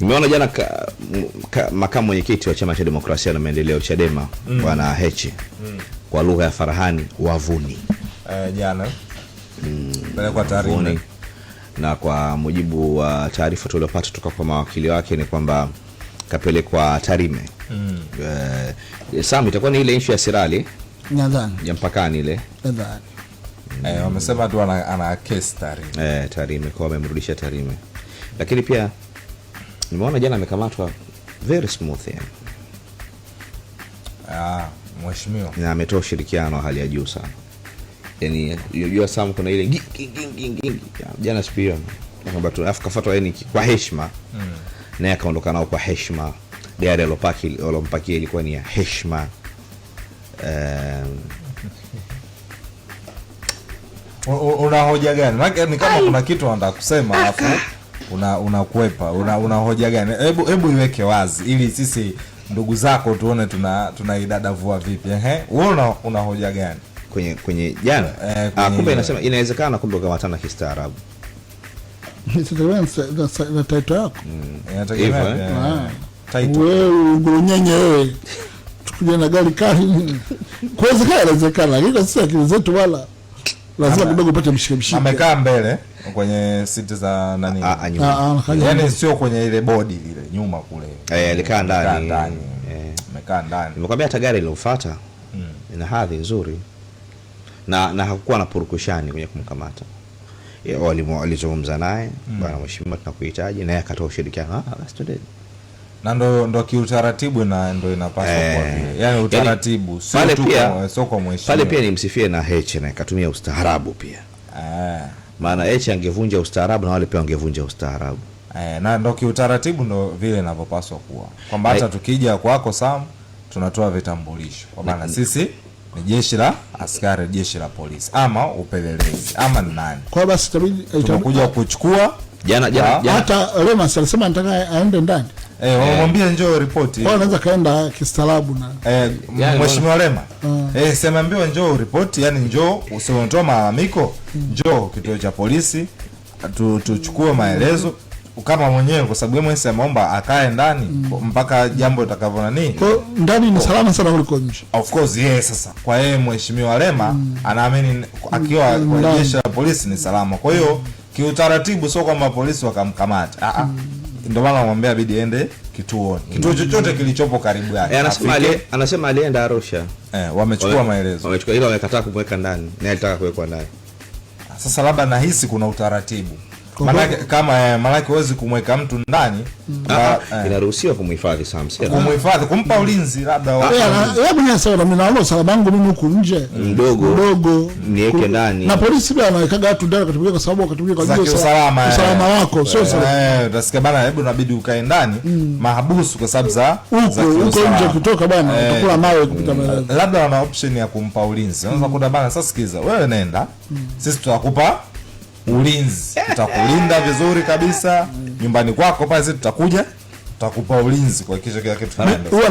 umeona jana ka, ka, makamu mwenyekiti wa chama cha demokrasia na maendeleo Chadema mm. Bwana Heche mm. kwa lugha ya farahani wavuni eh, jana mm, kwa wavuni. Na kwa mujibu wa taarifa tuliopata toka kwa mawakili wake ni kwamba kapelekwa Tarime mm. uh, Sam, itakuwa ni ile nchi ya Sirali nadhani ya mpakani ile nadhani eh, wamesema tu ana, ana case Tarime eh, Tarime kwa wamemrudisha Tarime, lakini pia Nimeona jana amekamatwa very smooth yani. Ah, mheshimiwa. Na ametoa ushirikiano wa hali ya juu sana. Yaani unajua Sam kuna ile gingi gingi gingi. Jana sipiona. Kwamba tu afu kafuatwa yani kwa heshima. Mm. Naye akaondoka nao kwa heshima. Gari alopaki alompakia ilikuwa ni ya heshima. Um, Una hoja gani? Maana ni kama kuna kitu anataka kusema afu unakwepa una, unahoja una gani? Hebu hebu iweke wazi ili sisi ndugu zako tuone tuna tunaidadavua vipi. Ehe, wewe una, una gani kwenye kwenye jana? Eh, ah, kumbe inasema inawezekana, kumbe ukamatana kistaarabu na taito yako inategemea wewe ugonyenye wewe tukuja na gari kali kuwezekana, inawezekana, lakini sisi akili zetu wala lazima kidogo upate mshike mshike. Amekaa mbele kwenye siti za nani? Ah, ah, yani ah, sio kwenye ile bodi ile nyuma kule. Eh, alikaa ndani. Eh. Amekaa ndani. Nimekwambia hata gari lilofuata mm. ina hadhi nzuri. Na na hakukuwa na purukushani kwenye kumkamata. Walizungumza naye, mm. bwana mheshimiwa, tunakuhitaji naye akatoa ushirikiano. Ah, basi na ndo, ndo kiutaratibu na ndo inapaswa eh, yaani yaani, kwa yani utaratibu yani, pale pia, so kwa mheshimiwa pale pia nimsifie na H na ikatumia ustaarabu pia eh, maana H angevunja ustaarabu na wale pia wangevunja ustaarabu eh, na ndo kiutaratibu ndo vile inavyopaswa kuwa kwamba hata eh. tukija kwako Sam tunatoa vitambulisho kwa maana sisi ni jeshi la askari, jeshi la polisi ama upelelezi ama nani, kwa basi tabidi tunakuja kuchukua jana jana, hata Lemas alisema nataka aende ndani Eh, eh, wamwambie njoo ripoti. Wao anaweza kaenda kistaarabu na eh, Mheshimiwa Lema. Ah. Eh, sema ambiwa njoo ripoti, yani njoo usiondoe malalamiko, njoo kituo cha polisi tuchukue maelezo kama mwenyewe kwa sababu yeye mwenyewe ameomba akae ndani mm. mpaka jambo litakavyo nani. Kwa ndani ni oh. salama sana kuliko nje. Of course yeye Sasa kwa yeye Mheshimiwa Lema mm. anaamini akiwa kwa jeshi la polisi ni salama. Kwa hiyo kiutaratibu sio kwamba polisi wakamkamata. Ah ah. Mm ndio maana namwambia bidi ende kituoni, mm. kituo chochote kilichopo karibu yake. Eh, anasema anasema alienda Arusha eh, wamechukua maelezo, wamechukua ila wamekataa kumweka ndani, naye alitaka kuwekwa ndani. Sasa labda nahisi kuna utaratibu Manake, kama eh, malaki huwezi kumweka mtu ndani mm. ah, eh. inaruhusiwa kumhifadhi Samson, kumhifadhi kumpa mm. ulinzi, labda yeye mwenyewe anasema mimi naona huku nje mm. mdogo mdogo niweke ndani, na polisi pia anawekaga watu ndani wakati kwa sababu wakati mwingine kwa usalama eh. usalama wako sio salama, utasikia bana, hebu inabidi ukae ndani mahabusu kwa sababu za huko nje kutoka bana, utakula mawe kupita mawe, labda wana option ya kumpa ulinzi. Unaweza kuda bana, sasa sikiza wewe, nenda sisi tutakupa ulinzi, tutakulinda vizuri kabisa nyumbani kwako pale, tutakuja tutakupa ulinzi kuhakikisha kila kitu kinaenda